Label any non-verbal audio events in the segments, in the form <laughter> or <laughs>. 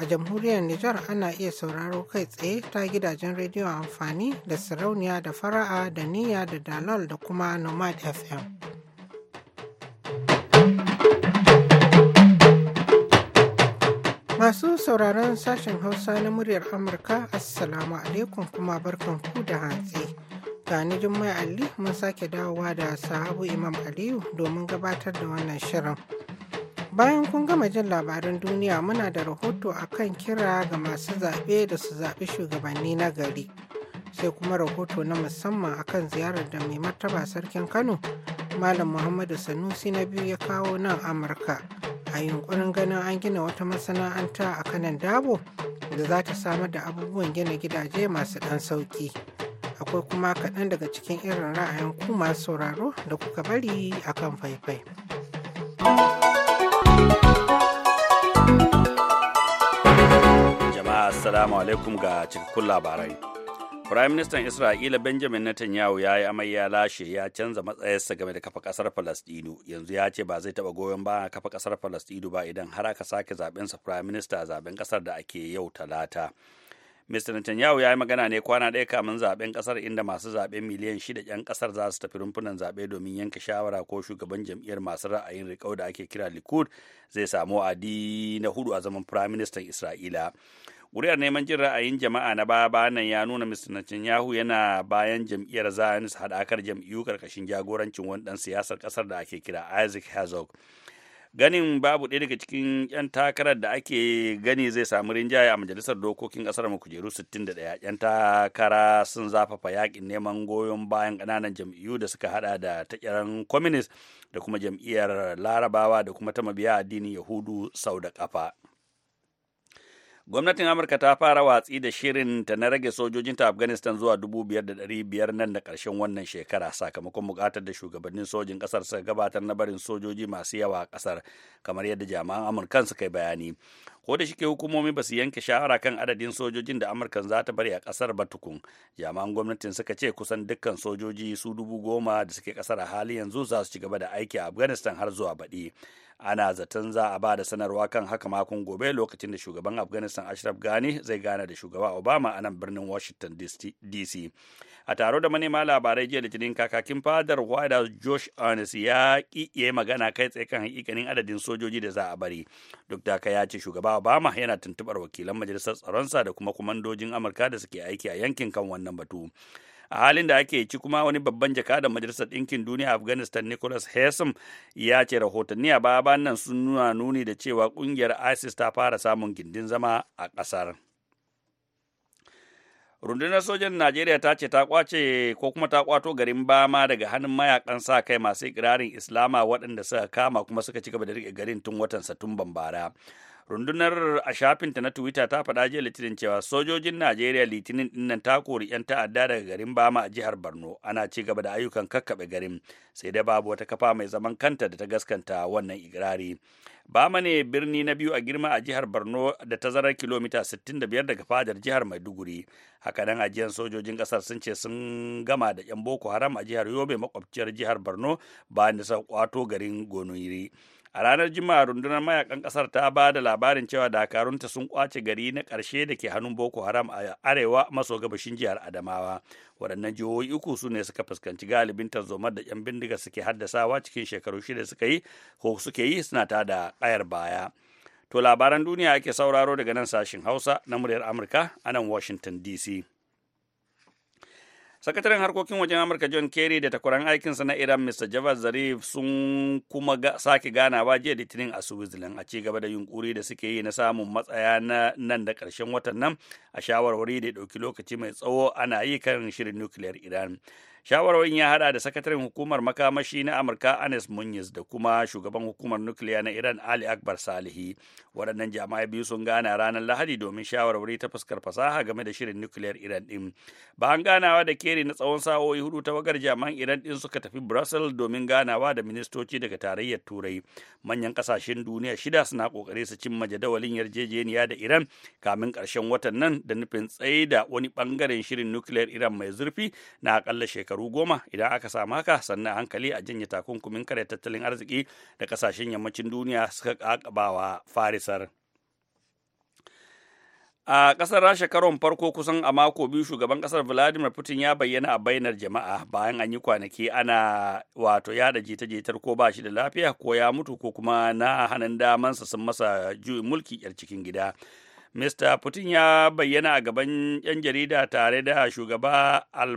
a jamhuriyar Nijar ana iya sauraro kai tsaye ta gidajen rediyo amfani da sarauniya da fara'a da niyya da dalal da kuma nomad fm masu sauraron sashen hausa na muryar amurka assalamu alaikum kuma barkanku da hantsi gani jummai ali mun sake dawowa da sahabu imam aliyu domin gabatar da wannan shirin Bayan kun gama jin labaran duniya muna da rahoto a kan kira ga masu zaɓe da su zaɓi shugabanni na gari. Sai kuma rahoto na musamman akan ziyarar da mai martaba sarkin Kano, Malam Muhammadu Sanusi na biyu ya kawo nan Amurka. A yunkurin ganin an gina wata masana'anta a kanan dabo da za ta samar da abubuwan gina gidaje masu ɗan sauƙi. Akwai kuma kaɗan daga cikin irin ra'ayin ku masu sauraro da kuka bari akan faifai. thank Jama'a Assalamu alaikum ga cikakkun labarai. Prime Ministan Isra'ila Benjamin Netanyahu ya yi amai ya lashe ya canza matsayarsa game da kafa kasar Falastinu yanzu ya ce ba zai taɓa goyon ba kafa kasar Falastinu ba idan har aka sake zaɓensa Firayim Minista a zaɓen ƙasar da ake yau talata. Mr. Netanyahu ya yi magana ne kwana ɗaya kamun zaɓen ƙasar inda masu zaɓen miliyan shida 'yan ƙasar za su tafi rumfunan zaɓe domin yanka shawara ko shugaban jam'iyyar masu ra'ayin riƙau da ake kira Likud zai samu adi na hudu a zaman firaministan Isra'ila. Ƙuri'ar neman jin ra'ayin jama'a na baya nan ya nuna Mr. Netanyahu yana bayan jam'iyyar Zionist haɗakar jam'iyyu ƙarƙashin jagorancin wani ɗan siyasar ƙasar da ake kira Isaac Herzog. ganin babu ɗaya daga cikin 'yan takarar da ake gani zai samu rinjaye a majalisar dokokin ƙasar mu kujeru 61 'yan takara sun zafafa yakin neman goyon bayan ƙananan jam'iyyu da suka hada da takiran communist da kuma jam'iyyar larabawa da kuma ta mabiya addinin yahudu sau da ƙafa gwamnatin amurka ta fara watsi da shirin ta na rage sojojinta afghanistan zuwa 5,500 nan da karshen wannan shekara sakamakon buƙatar da shugabannin sojin kasar suka gabatar na barin sojoji masu yawa a ƙasar kamar yadda jami'an amurka suka yi bayani ko da shike hukumomi ba su yanke shahara kan adadin sojojin da amurka za ta bari a kasar ba tukun jami'an gwamnatin suka ce kusan dukkan sojoji su dubu goma da suke ƙasar a hali yanzu za su ci gaba da aiki a afghanistan har zuwa baɗi ana zaton za a ba da sanarwa kan haka makon gobe lokacin da shugaban afghanistan ashraf ghani zai gana da shugaba obama a nan birnin washington dc a taro da manema labarai jiya litinin kakakin fadar white house josh earnest ya ƙi magana kai tsaye kan hakikanin adadin sojoji da za a bari duk da ya ce shugaba obama yana tuntubar wakilan majalisar tsaronsa da kuma kumandojin amurka da suke aiki a yankin kan wannan batu a halin da ake ci kuma wani babban jakada majalisar ɗinkin duniya afghanistan nicholas hesam ya ce rahotanni a baya nan sun nuna nuni da cewa ƙungiyar isis ta fara samun gindin zama a ƙasar rundunar sojan najeriya ta ce ta kwace ko kuma ta kwato garin bama daga hannun mayakan sa kai masu ikirarin islama waɗanda suka kama kuma suka ci gaba da rike garin tun watan satumban bara rundunar a shafinta na twitter ta faɗa jiya litinin cewa sojojin najeriya litinin dinnan ta kori 'yan ta'adda daga garin bama a jihar borno ana ci gaba da ayyukan kakkaɓe garin sai dai babu wata kafa mai zaman kanta da ta gaskanta wannan ikirari bama ne birni na biyu a girma a jihar borno da tazarar kilomita 65 daga fadar jihar maiduguri hakanan ajiyar sojojin kasar sun ce sun gama da 'yan boko haram a jihar yobe makwabciyar jihar borno bayan da sa kwato garin gonoyiri a ranar juma'a rundunar mayakan kasar ta ba da labarin cewa dakarunta sun kwace gari na ƙarshe da ke hannun boko haram a arewa maso gabashin jihar adamawa waɗannan jihohi uku su ne suka fuskanci galibin tarzomar da 'yan bindiga suke haddasawa cikin shekaru shida suka yi ko suke yi suna ta da ƙayar baya to labaran duniya ake sauraro daga nan sashin hausa na muryar amurka a nan washington dc sakataren harkokin wajen amurka john kerry da takwaran aikinsa na iran mr javad zarif sun kuma ga, sake ganawa jiya litinin a switzerland a cigaba da yunkuri da suke yi na samun matsaya na nan da karshen watan nan a shawarwari da ya ɗauki lokaci mai tsawo ana yi kan shirin nukiliyar iran shawarwarin ya hada da sakataren hukumar makamashi na amurka anes munyiz da kuma shugaban hukumar nukiliya na iran ali akbar salihi waɗannan jami'ai biyu sun gana ranar lahadi domin shawarwari ta fuskar fasaha game da shirin nukiliyar iran din bayan ganawa da keri na tsawon sa'o'i hudu ta wagar jami'an iran din suka tafi brussel domin ganawa da ministoci daga tarayyar turai manyan kasashen duniya shida suna kokari su cimma jadawalin yarjejeniya da iran kamin karshen watan nan da nufin tsaida da wani bangaren shirin nukiliyar iran mai zurfi na akalla shekaru shekaru goma idan aka samu haka sannan hankali a janye takunkumin kare tattalin arziki da kasashen yammacin duniya suka kakabawa farisar a kasar rasha karon farko kusan a mako biyu shugaban kasar vladimir putin ya bayyana a bainar jama'a bayan an yi kwanaki ana wato yada jita-jitar ko ba shi da lafiya ko ya mutu ko kuma na hannun damansa sun masa juyin mulki yar cikin gida Mr. Putin ya bayyana a gaban 'yan jarida tare da shugaba al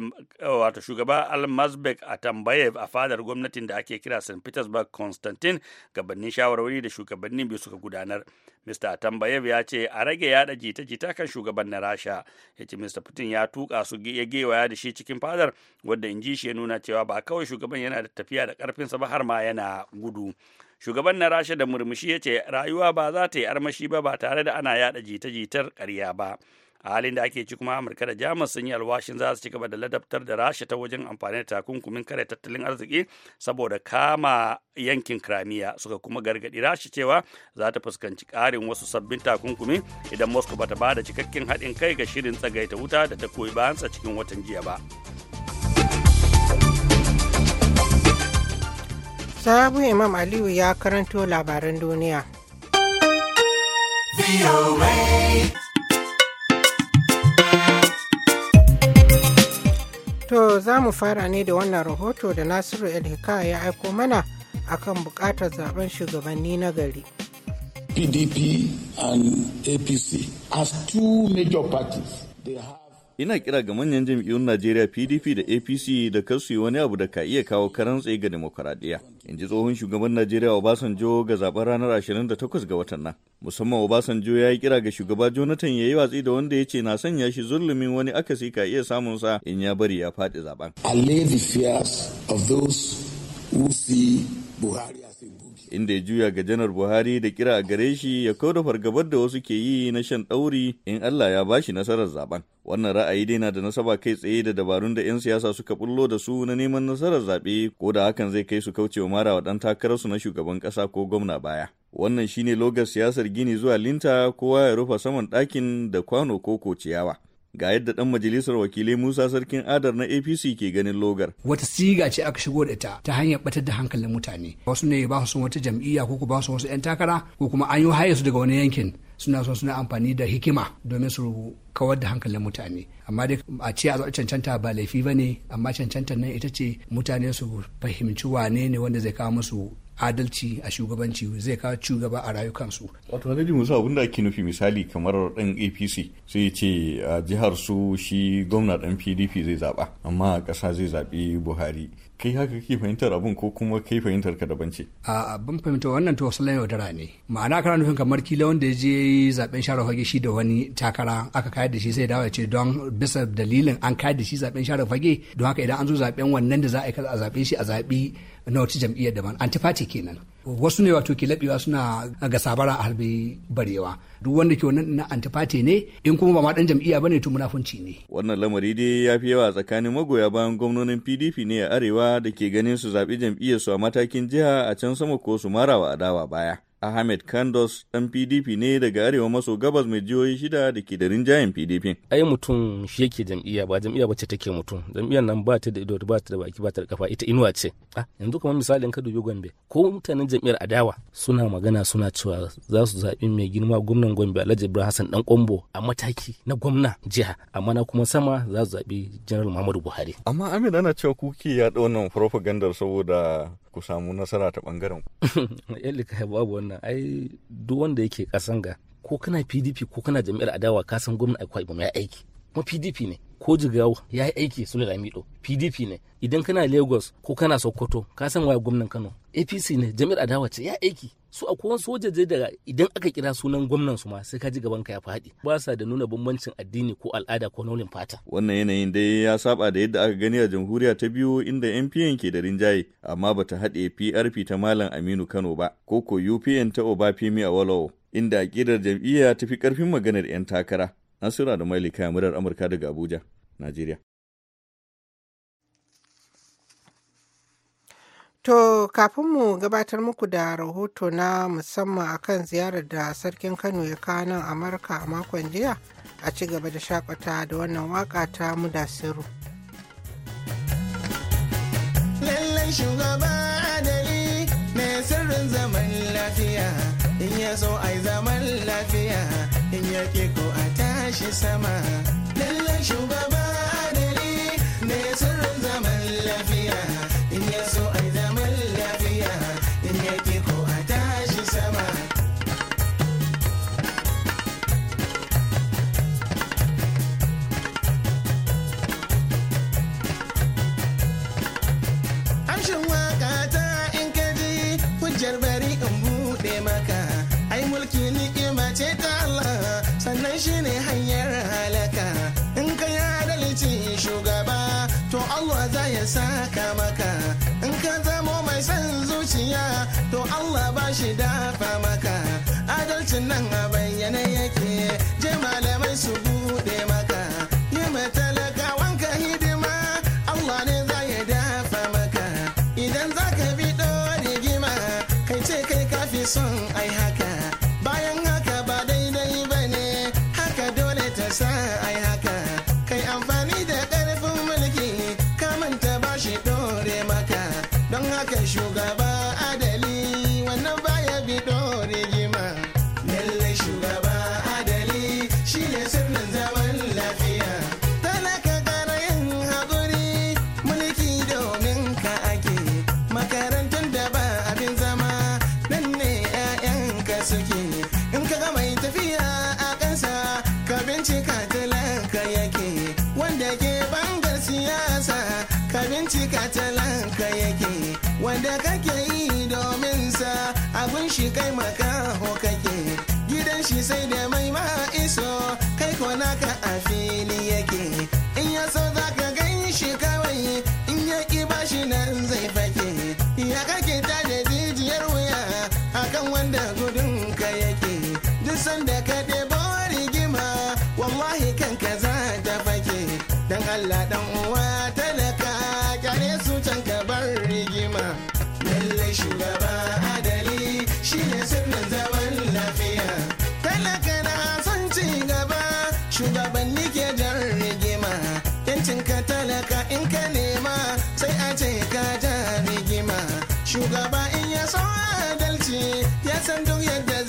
shugaba a Tambayev a fadar gwamnatin da ake kira St. Petersburg Constantine gabanin shawarwari da shugabannin biyu suka gudanar. Mr. Tambayev ya ce a rage yada jita-jita kan shugaban na Rasha. Ya ce Mr. Putin ya tuka su ya gewaya da shi cikin fadar wadda in ji shi ya nuna cewa ba kawai shugaban yana da tafiya da ƙarfinsa ba har ma yana gudu. shugaban na rasha da murmushi ya ce rayuwa ba za ta yi armashi ba ba tare da ana yada jita-jitar karya ba a halin da ake ci kuma amurka da jamus sun yi alwashin za su ci gaba da ladabtar da rasha ta wajen amfani da takunkumin kare tattalin arziki saboda kama yankin kramiya suka kuma gargadi rasha cewa za ta fuskanci ƙarin wasu sabbin takunkumi idan moscow ba ta ba cikakken haɗin kai ga shirin tsagaita wuta da ta koyi bayansa cikin watan jiya ba. Sahabu Imam Aliyu ya karanto labaran duniya. To za mu fara ne da wannan rahoto da Nasiru Elhika ya aiko mana akan bukatar zaben shugabanni na gari. PDP and APC as two major parties they have ina kira ga manyan jam'iyyun Najeriya PDP da APC da kasu yi wani abu da ka iya kawo karan tsaye ga demokuraɗiyya. In ji tsohon shugaban Najeriya Obasanjo ga zaben ranar 28 ga watan nan. Musamman Obasanjo ya yi kira ga shugaba Jonathan ya yi watsi da wanda ya ce na sanya shi zulumin wani akasi ka iya samun sa in ya bari ya faɗi zaben. lay the fears of those who see Buhari inda ya juya ga janar Buhari da kira a gare shi ya da fargabar da wasu ke yi na shan ɗauri in Allah ya bashi nasarar zaben. Wannan ra'ayi dai na da nasaba kai tsaye da dabarun da 'yan siyasa suka bullo da su na neman nasarar zaɓe ko da hakan zai kai su kaucewa mara wa ɗan takararsu na shugaban ƙasa ko gwamna baya. Wannan shine logar siyasar gini zuwa linta kowa ya rufe saman ɗakin da kwano ko ko ciyawa. ga yadda dan majalisar wakilai Musa Sarkin Adar na APC ke ganin logar. Wata siga ce aka shigo da ita ta hanyar batar da hankalin mutane. Wasu ne ba su wata jam'iyya ko ku ba su wasu 'yan takara ko kuma an yi haye su daga wani yankin suna son suna amfani da hikima domin su kawar da hankalin mutane amma dai a ce a cancanta ba laifi ba ne amma cancantar nan ita ce mutane su fahimci wane ne wanda zai kawo musu adalci a shugabanci zai kawo shugaba a rayukansu. wato alhaji abun abinda ake nufi misali kamar dan apc sai ce a jihar su shi gwamna dan pdp zai zaɓa amma a ƙasa zai zaɓi buhari kai haka kake fahimtar abin ko kuma kai fahimtar ka daban ce a abin fahimta wannan to sallan ne ma'ana kana nufin kamar kila wanda ya je zaben share fage shi da wani takara aka kayar da shi sai dawo ce don bisa dalilin an kayar da shi zaben share fage don haka idan an zo zaben wannan da za a yi a zabe shi a zaɓi na wata jam'iyyar daban antifati kenan wasu ne wato ke laɓewa suna ga sabara a harbi barewa duk wanda ke wannan na antifati ne in kuma ba ma dan jam'iyya bane to munafunci ne wannan lamari dai ya fi yawa tsakanin magoya bayan gwamnonin PDP ne a arewa da ke ganin su zaɓi jam'iyyar su a matakin jiha a can sama ko su marawa adawa baya Ahmed Kandos ɗan PDP ne daga arewa maso gabas mai jihohi shida da ke da rinjayen PDP. Ai mutum shi yake jam'iyya ba jam'iyya bace take mutum. Jam'iyyar nan ba ta da ido ba ta da baki ba ta da kafa ita inuwa ce. Ah yanzu kamar misalin ka dubi Gombe ko mutanen jam'iyyar adawa suna magana suna cewa za su zaɓi mai girma gwamnan Gombe Alhaji Ibrahim Hassan dan Kombo a mataki na gwamna jiha amma na kuma sama za su zaɓi General Muhammadu Buhari. Amma Amin ana cewa kuke yaɗa wannan propaganda saboda ku samu nasara ta bangaren ku <laughs> yalika babu wannan ai duk wanda yake kasan ga ko kana pdp ko kana jami'ar adawa ka san gwamna akwai ba mai aiki kuma pdp ne ko jigawa ya yi aiki sule lamido pdp ne idan kana lagos ko kana sokoto ka san waye gwamnan kano apc ne jami'ar adawa ce ya aiki su akwai soja wajeje da idan aka kira sunan gwamnan su ma sai ka ji gaban ka ya faɗi ba sa da nuna bambancin addini ko al'ada ko nolin fata wannan yanayin dai ya saba da yadda aka gani a jamhuriya ta biyu inda NPN ke da rinjaye amma bata haɗe PRP ta Malam Aminu Kano ba ko ko UPN ta Obafemi walowo inda akidar jam'iyya ta fi ƙarfin maganar 'yan takara Nasura da kayan murar Amurka daga Abuja, Najeriya. To, kafin mu gabatar muku da rahoto na musamman akan ziyarar da Sarkin Kano ya kawo nan Amurka a makon jiya, a ci gaba da shakwata da wannan waka ta mudasiru. Lallai shugaba adali mai sirrin zaman lafiya, in ya so ai zaman lafiya. in yaƙi ko a tashi sama lallan shugaba adali ne sirrin zaman lafiya in ya shine hanyar halaka in ka yi adalci shugaba to Allah za ya saka maka in ka zamo mai son zuciya to Allah ba shi dafa maka adalcin nan a bayyana yake and don't you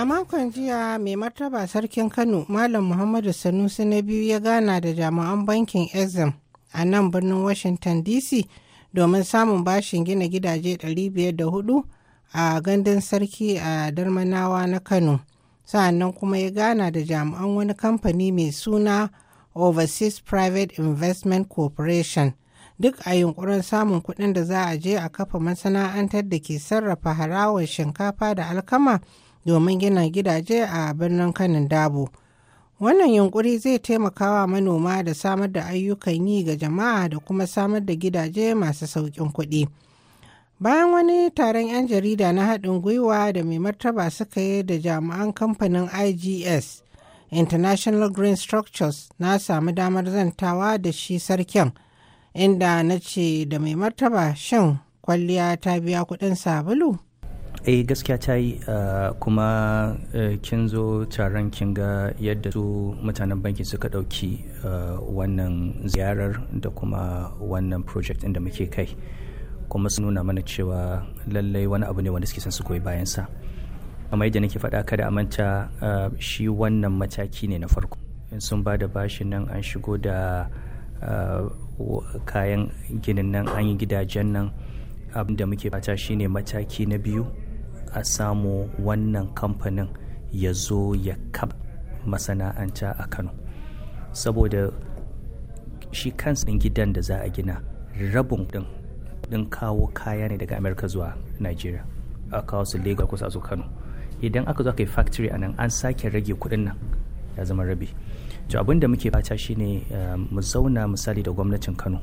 A makon jiya mai martaba sarkin Kano Malam Muhammadu Sanusi na biyu ya gana da jami'an bankin Exim a nan birnin Washington DC domin samun bashin gina gidaje 504 a gandun sarki a Darmanawa na Kano. Sa'annan kuma ya gana da jami'an wani kamfani mai suna Overseas Private Investment Corporation. duk a yunkurin samun kuɗin da za a je a kafa masana'antar da ke sarrafa harawar shinkafa da alkama domin gina gidaje a birnin kanin dabo wannan yunkuri zai taimakawa manoma da samar da ayyukan yi ga jama'a da kuma samar da gidaje masu sauƙin kuɗi bayan wani taron 'yan jarida na haɗin gwiwa da mai martaba suka yi da jami'an kamfanin igs international green structures na samu damar zantawa da shi sarkin inda na ce da mai martaba shan kwalliya ta biya kuɗin sabulu eh gaskiya ta yi eh, kuma eh, kin zo taron kin ga yadda su mutanen banki suka ɗauki eh, wannan ziyarar da kuma wannan project da muke kai kuma su nuna mana cewa lallai wani abu ne wanda suke son su koyi bayansa amma yadda nake faɗa kada a manta shi wannan mataki ne na farko In sun ba da bashin nan an shigo da kayan ginin nan an yi gidajen nan abin da muke fata shine mataki na biyu a samu wannan kamfanin ya zo ya kab masana'anta a kano saboda shi kansa gidan da za a gina rabin din kawo kaya ne daga amerika zuwa nigeria a kawo su lagos kusa zo kano idan aka zo aka yi factory a nan an sake rage kudin nan ya zama rabi to abin da muke fata shine eh, mu zauna misali da gwamnatin kano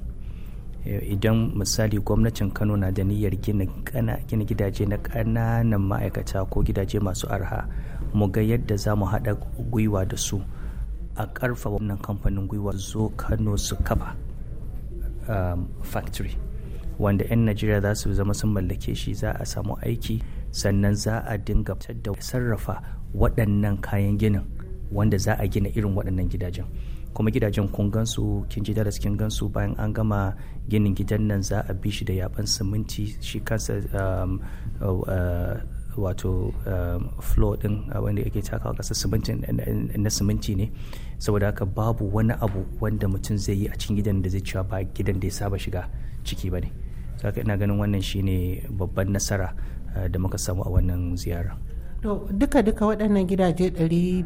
idan misali gwamnatin kano na da niyyar gina gidaje na ƙananan ma'aikata ko gidaje masu arha mu ga yadda za mu haɗa gwiwa da su a ƙarfa wannan kamfanin gwiwa zo kano su kafa um, factory wanda 'yan najeriya za su zama sun mallake shi za a samu aiki sannan za a dinga da sarrafa waɗannan kayan ginin wanda za a gina irin waɗannan gidajen kuma gidajen kun gansu kin ji daras kin gansu bayan an gama ginin gidan nan za a bi shi da yaban siminti shi kansa um, uh, uh, wato um, floor din uh, wanda yake takawa kasa siminti na siminti ne saboda haka babu wani abu wanda mutum zai yi a cikin gidan da zai cewa ba gidan da ya saba shiga ciki ba ne ina ganin wannan shine babban nasara da muka samu a wannan ziyara to duka duka waɗannan gidaje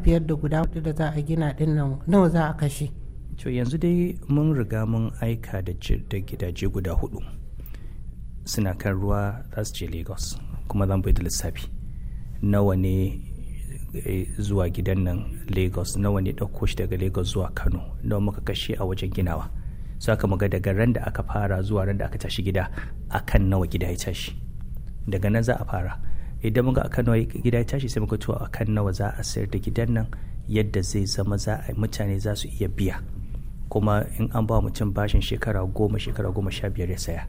biyar da guda da za a gina dinnan nawa za a kashe to yanzu dai mun riga mun aika da gidaje guda hudu suna kan ruwa za su je lagos kuma zan bai da lissafi nawa ne eh, zuwa gidan nan lagos nawa ne ɗauko shi daga lagos zuwa kano nawa muka kashe a wajen ginawa su aka muga daga ran da aka fara zuwa ran da aka tashi gida akan nawa gida ya tashi daga nan za a fara idan muka a kano gida ya tashi sai muka a akan nawa za a sayar da gidan nan yadda zai zama za a mutane za su iya biya kuma in an ba mutum bashin shekara goma shekara goma sha biyar ya saya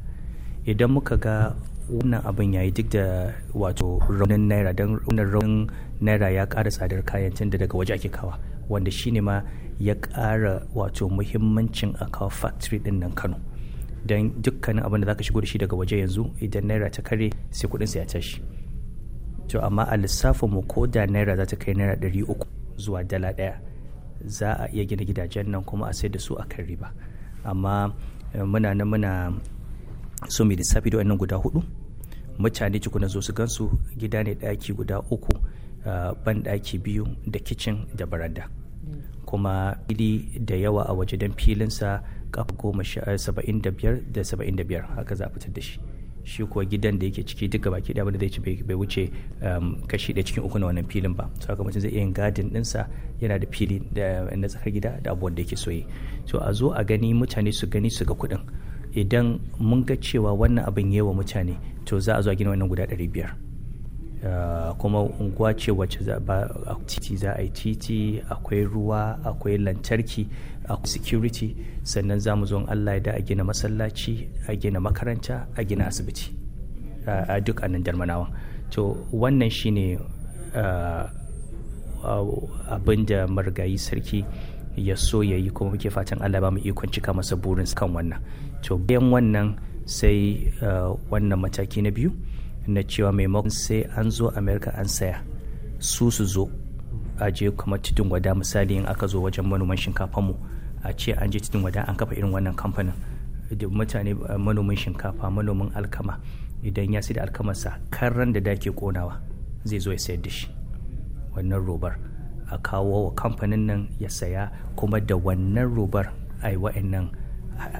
idan muka ga wannan abin yayi duk da wato raunin naira don wannan raunin naira ya kara tsadar kayan tun da daga waje ake kawa wanda shine ma ya ƙara wato muhimmancin a kawo factory din nan kano don dukkanin abin da zaka shigo da shi daga waje yanzu idan naira ta kare sai kuɗinsa ya tashi to amma a lissafin mu ko da naira za ta kai naira ɗari uku zuwa dala ɗaya za a iya gina gidajen nan kuma a sai da su a kan riba amma eh, muna na muna so mai lissafi da wannan guda hudu mutane kuna zo su gansu gida ne ɗaki guda uku eh, ban ɗaki biyu da kicin da baranda kuma fili da yawa a waje don filinsa kafa goma eh, saba'in da biyar da saba'in biyar haka za a fitar da shi shi kuwa gidan da yake ciki duka baki daya wanda zai ci bai wuce um, kashi ɗaya cikin uku na wannan filin ba sakamakon zai iya yin gadin ɗinsa yana da fili na tsakar gida da abubuwan da yake soye so a zo a gani mutane su gani su ga kuɗin idan mun ga cewa wannan abin yi wa mutane to za a zo a gina wannan guda ɗari biyar Eh, kuma unguwa ce wacce a titi za a yi titi akwai ruwa akwai lantarki akwai security sannan za mu zo allah da a gina masallaci a gina makaranta a gina asibiti a duk a nan darmanawa to wannan shine eh, abin da marigayi sarki ya so ya yi kuma muke fatan allah ba mu ikon cika masa burin kan wannan to bayan wannan sai eh, wannan mataki na biyu na cewa maimakon sai an zo america an saya su su zo a je kuma titin gwada misali in aka zo wajen manoman shinkafa mu a ce an je titin gwada an kafa irin wannan kamfanin da mutane manomin shinkafa manomin alkama idan ya sai da alkamarsa karran da dake konawa zai zo ya sayar da shi wannan robar a kawo wa kamfanin nan ya saya kuma da wannan robar a yi wa'annan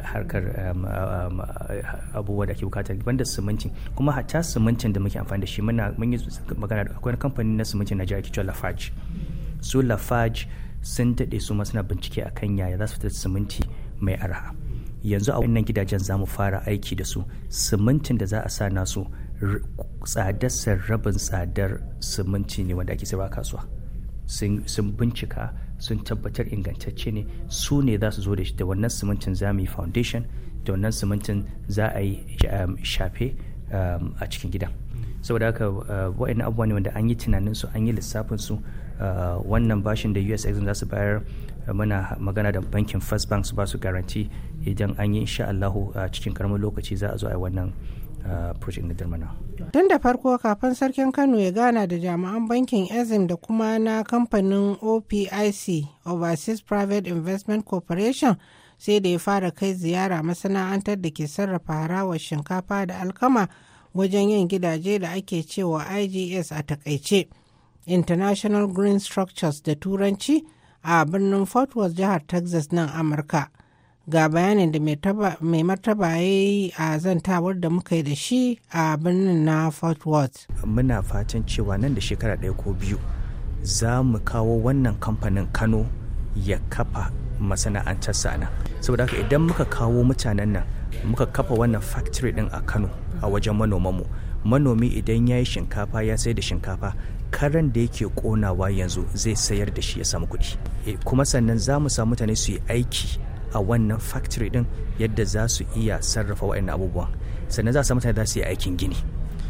harkar um, um, abubuwa da ake bukata banda siminti kuma hata simintin da muke amfani da shi muna mun yi magana akwai kamfani na simintin na jiragen cewa lafarge su lafarge sun daɗe su ma suna bincike akan yaya za su fitar siminti mai arha yanzu a wannan gidajen za mu fara aiki da su simintin da za a sa nasu tsadarsa rabin tsadar siminti ne wanda ake sayarwa kasuwa sun bincika sun tabbatar ingantacce ne su ne za su zo da da wannan simintin za mu yi foundation da wannan simintin za a yi um, shafe um, a cikin gidan saboda haka uh, wa'annan abubuwa ne wanda an yi tunanin su an yi lissafin su uh, wannan bashin da us exim za su bayar uh, mana magana da bankin first bank su ba su garanti idan an yi insha allahu cikin karamin lokaci za a zo a yi wannan the tun da farko kafin sarkin kano ya gana da jami'an bankin ezim da kuma na kamfanin opic overseas private investment corporation sai da ya fara kai ziyara masana'antar da ke sarrafa harawar shinkafa da alkama wajen yin gidaje da ake cewa igs a takaice international green structures da turanci a birnin fort worth jihar texas nan amurka ga bayanin da mai martaba ya yi a zantawar da muka yi da shi a birnin na fort worth muna fatan cewa nan da shekara ɗaya ko biyu za mu kawo wannan kamfanin kano ya kafa masana'antar sana saboda haka idan muka kawo mutanen nan muka kafa wannan factory din a kano a wajen manoman mu manomi idan ya yi shinkafa ya sai da shinkafa karan da yake konawa yanzu zai sayar da shi ya samu kuɗi eh, kuma sannan za mu samu mutane su yi aiki a wannan factory din yadda za su iya sarrafa waɗannan abubuwan sannan za su mutane za su yi aikin gini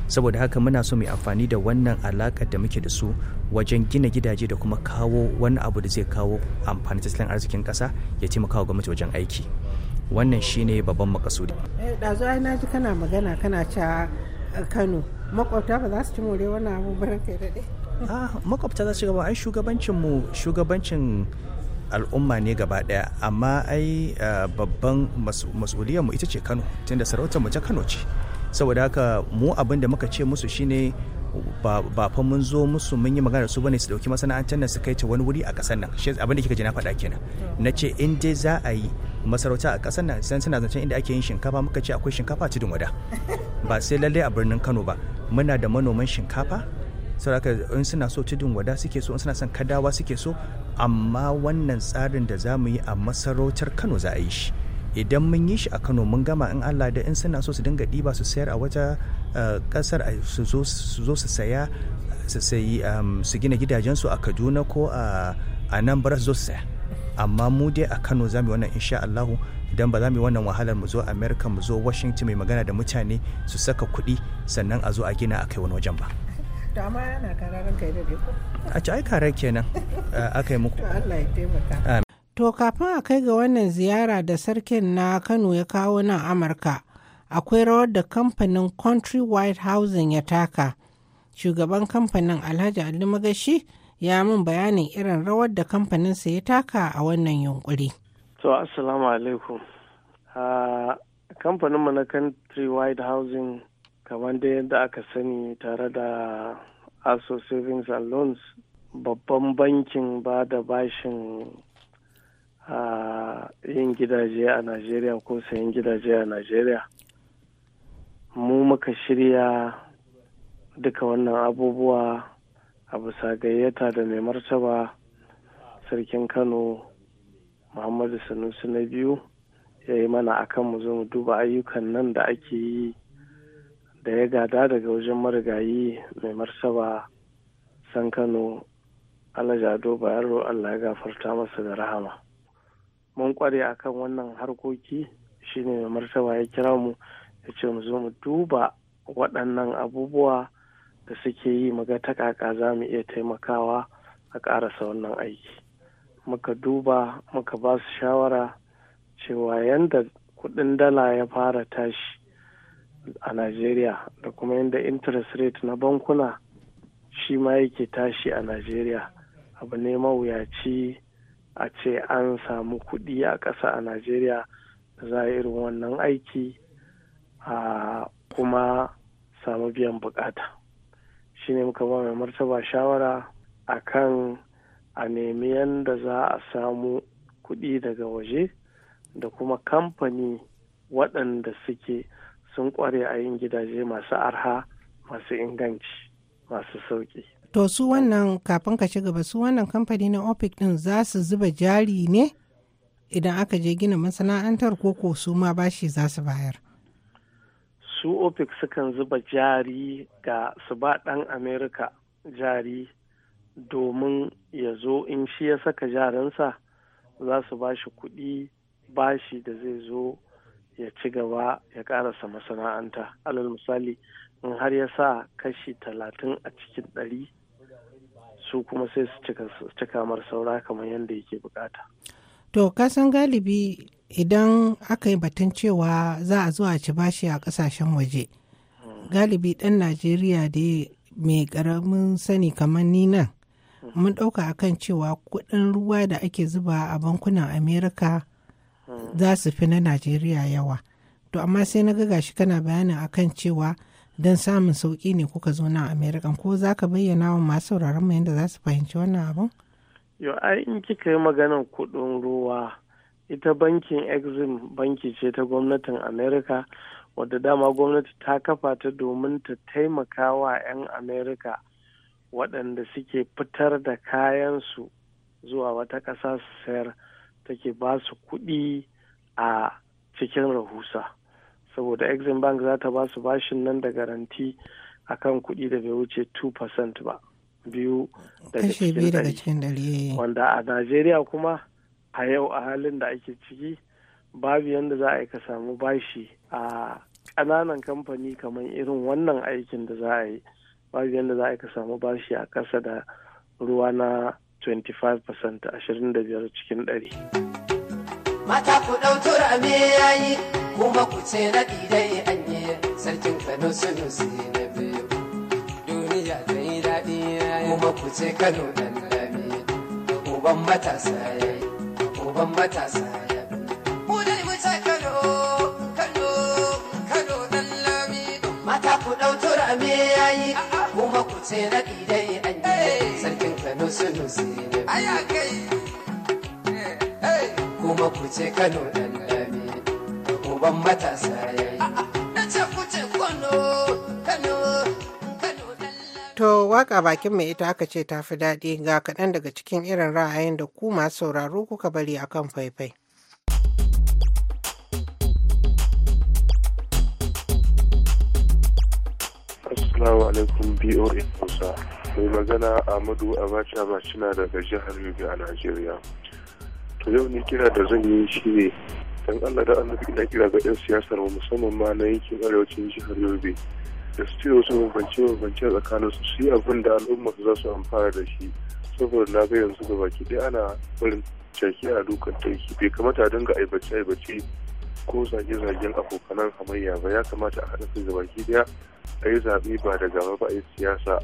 saboda haka muna so mu amfani da wannan alaƙar da muke da su wajen gina gidaje da kuma kawo wani abu da zai kawo amfani tattalin arzikin ƙasa ya taimaka wa gwamnati wajen aiki wannan shine babban makasudi eh, ɗazu ai naji kana magana kana cewa kano makwabta ba za su ci more wannan abu barka da ah, makwabta za su gaba ai shugabancin mu shugabancin al'umma ne gaba daya amma ai eh, babban mas'uliyar mu ita ce Kano tunda sarautar mu ta Kano ce saboda haka mu abin da muka ce musu shine ba fa mun zo musu mun yi magana su bane su dauki masana'antar nan su kai ta wani wuri a kasar nan shi abin da kika ji na faɗa kenan na ce in dai za a yi masarauta a kasar nan san suna zancen inda ake yin shinkafa muka ce akwai shinkafa a tudun wada ba sai lalle a birnin Kano ba muna da manoman shinkafa saboda in suna so tudun wada suke so in suna son kadawa suke so amma wannan tsarin da za mu yi a masarautar kano za a yi shi idan mun yi shi a kano mun gama in allah da in suna so su dinga ɗiba su sayar a wata eh, ƙasar su zo su saya su sayi ehm, su gina gidajensu a kaduna ko a nan bara su zo su saya amma mu dai a kano za mu yi wannan insha allahu don ba za mu yi wannan wahalar mu zo america mu zo washington mai magana da mutane su saka kuɗi sannan a zo a gina a kai wani wajen ba to kafin a kai ga wannan ziyara da sarkin na Kano ya kawo nan Amurka, akwai rawar da kamfanin Country White Housing ya taka. Shugaban kamfanin Alhaji Ali Magashi ya min bayanin irin rawar da kamfaninsa ya taka a wannan yunkuri. To, Assalamu alaikum. Ah, kamfaninmu na Country White Housing kamar da yadda aka sani tare da aso savings and loans babban bankin ba da bashin yin gidaje a nigeria ko sayan gidaje a nigeria mu muka shirya duka wannan abubuwa a bisa gayyata da mai martaba sarkin kano muhammadu sanusi na biyu ya yi mana akan mu zo mu duba ayyukan nan da ake yi da ya gada daga wajen marigayi mai martaba san kano alajado ro allah ya gafarta masa da rahama mun kware akan wannan harkoki shine mai martaba ya kira mu ya ce mu zo mu duba waɗannan abubuwa da suke yi muga ta kaka za mu iya taimakawa a ƙarasa wannan aiki muka duba muka ba su shawara cewa yadda kuɗin dala ya fara tashi a Najeriya da kuma yadda interest rate na bankuna shi ma yake tashi a Najeriya abu ne mawuyaci a ce an samu kuɗi a ƙasa a Najeriya da za a irin wannan aiki a kuma samu biyan bukata shi ne muka ba mai martaba shawara a kan a nemi yadda za a samu kuɗi daga waje da kuma kamfani waɗanda suke sun kware a yin gidaje masu arha masu inganci masu sauƙi. To su wannan kafin ka ci gaba su wannan kamfani na OPEC din za su zuba jari ne idan aka je gina masana'antar koko su ma bashi za su bayar. Su OPEC sukan zuba jari ga su ba ɗan Amerika jari domin ya zo in shi ya saka jarinsa za su ba shi kuɗi bashi da zai zo ya ci gaba ya karasa masana'anta alal misali in har ya sa kashi talatin a cikin ɗari su kuma sai su cika mar saura kamar yadda yake bukata. To kasan galibi idan aka yi batun cewa za a zuwa ci bashi a kasashen waje galibi ɗan najeriya da mai ƙaramin sani kamar ni nan mun ɗauka akan cewa kuɗin ruwa da ake zuba a bankunan amerika za su fi na najeriya yawa to amma sai na ga gashi kana bayanin akan cewa don samun sauƙi ne kuka zo nan america ko za ka bayyana wa masu sauraron mu yadda za su fahimci wannan abun. yo ai in kika yi maganar kuɗin ruwa ita bankin exim banki ce ta gwamnatin america wadda dama gwamnati ta kafa ta domin ta taimaka wa 'yan america waɗanda suke fitar da kayansu zuwa wata ƙasa su sayar take ba su kuɗi a cikin rahusa saboda exim bank za ta ba su bashin nan da garanti kan kuɗi da bai wuce 2% ba biyu daga cikin dari eh, eh. wanda a najeriya kuma a yau a halin da ake ciki babu yadda za a yi ka samu bashi a ƙananan kamfani kamar irin wannan aikin da za a yi babu yadda za a yi ka samu bashi a ƙasa da ruwa na 25% 25 cikin ɗari. mata ku ɗauki ɗau ya yi kuma ku ce na ɗidai anye sarkin kano sunu na biyu duniya ta yi daɗi kuma ku ce kano ɗan dami uban matasa ya yi. uban matasa ya yi. ku da mu ce kano kano kano ɗan lami mata ku ɗauki ɗau ya yi kuma ku ce na ɗidai anye se no se da aya kai eh, eh. kuma ku ce kano dan dami uban matasa yayi ah, ah. nace ku ce kano kano To waka bakin mai ita aka ce ta fi daɗi ga kaɗan daga cikin irin ra'ayin da ku masu sauraro kuka bari akan faifai. Assalamu alaikum BOA Musa. mai magana amadu abacha na daga jihar yobe a najeriya to yau ne kira da zan yi shi ne don allah da annabi ina kira ga 'yan siyasar mu musamman ma na yankin arewacin jihar yobe da su wasu bambance bambance tsakanin su su yi abin da al'umma su za su amfana da shi saboda na ga yanzu ga baki ɗaya ana barin caki a dukkan taiki bai kamata a dinga aibace aibace ko zage-zagen abokanan hamayya ba ya kamata a haɗa su ga baki ɗaya a yi zaɓe ba da gaba ba a yi siyasa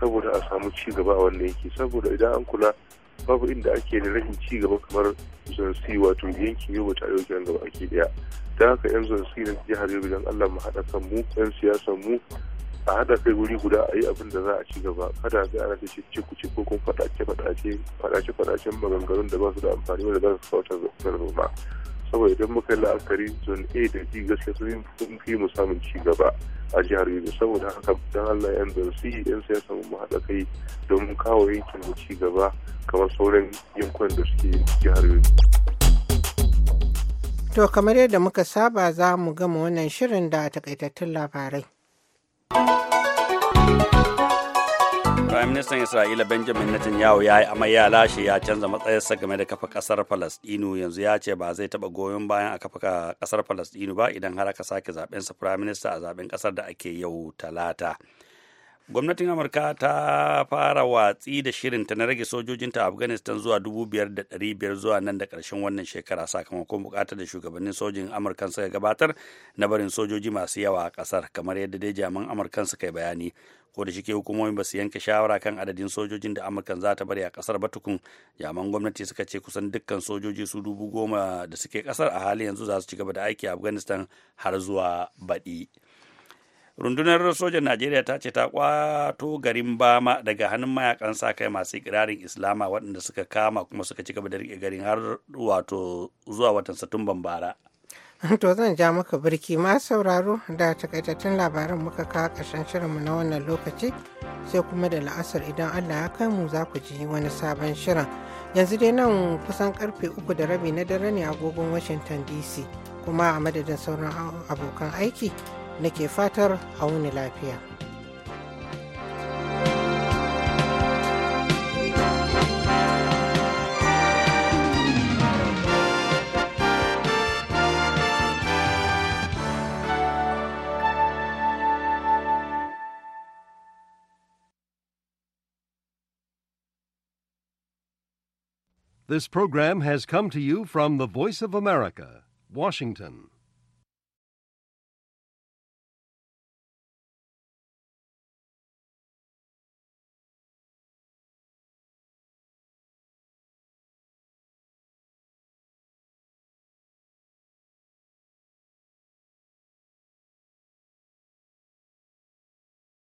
saboda a samu ci gaba a wannan yanki saboda idan an kula babu inda ake da rashin ci gaba kamar zonsi wato yankin yau ta yau kiran gaba ake daya ta haka yan zonsi na jihar yau idan allah mu haɗa kan mu yan siyasan mu a haɗa kai wuri guda a yi abin da za a ci gaba kada ga ana ce ce ku ce ko kuma faɗace faɗace faɗace faɗacen maganganun da ba su da amfani wanda za su kawo zama saboda idan muka yi la'akari zone a da gaske gaskiya sun fi mu samun ci gaba a jihar yanzu saboda haka don allah yan zansi yan siyasa mu haɗa kai don kawo yankin mu ci gaba kamar sauran yankunan da suke jihar yanzu. to kamar yadda muka saba za mu gama wannan shirin da takaitattun labarai. Prime Minister Isra'ila Benjamin Netanyahu ya yi amai ya lashe ya canza matsayarsa game da kafa kasar falasɗinu yanzu ya ce ba zai taba goyon bayan a kafa kasar Falastinu ba idan har aka sake zaben sa Prime Minister a zaben kasar da ake yau Talata. gwamnatin amurka ta fara watsi da shirinta na rage sojojinta a afghanistan zuwa 5,500 zuwa nan da karshen wannan shekara sakamakon bukatar da shugabannin sojin amurkan suka gabatar na barin sojoji masu yawa a kasar kamar yadda dai jaman amurkan suka yi bayani ko da shike hukumomi ba su yanke shawara kan adadin sojojin da amurkan za ta bari a kasar ba tukun jaman gwamnati suka ce kusan dukkan sojoji su dubu goma da suke kasar a halin yanzu za su ci gaba da aiki a afghanistan har zuwa baɗi. rundunar sojan najeriya ta ce ta kwato garin bama daga hannun mayakan sa kai masu ikirarin islama waɗanda suka kama kuma suka ci gaba da riƙe garin har wato zuwa watan satumban bara <laughs> to zan ja maka birki ma sauraro da takaitattun labaran muka kawo ƙarshen shirinmu na wannan lokaci sai kuma da la'asar idan allah ya kai mu za ku ji wani sabon shirin yanzu dai nan kusan karfe uku da rabi na dare ne agogon washington dc kuma a madadin sauran abokan aiki nake fatar auni lafiya. This program has come to you from the Voice of America, Washington.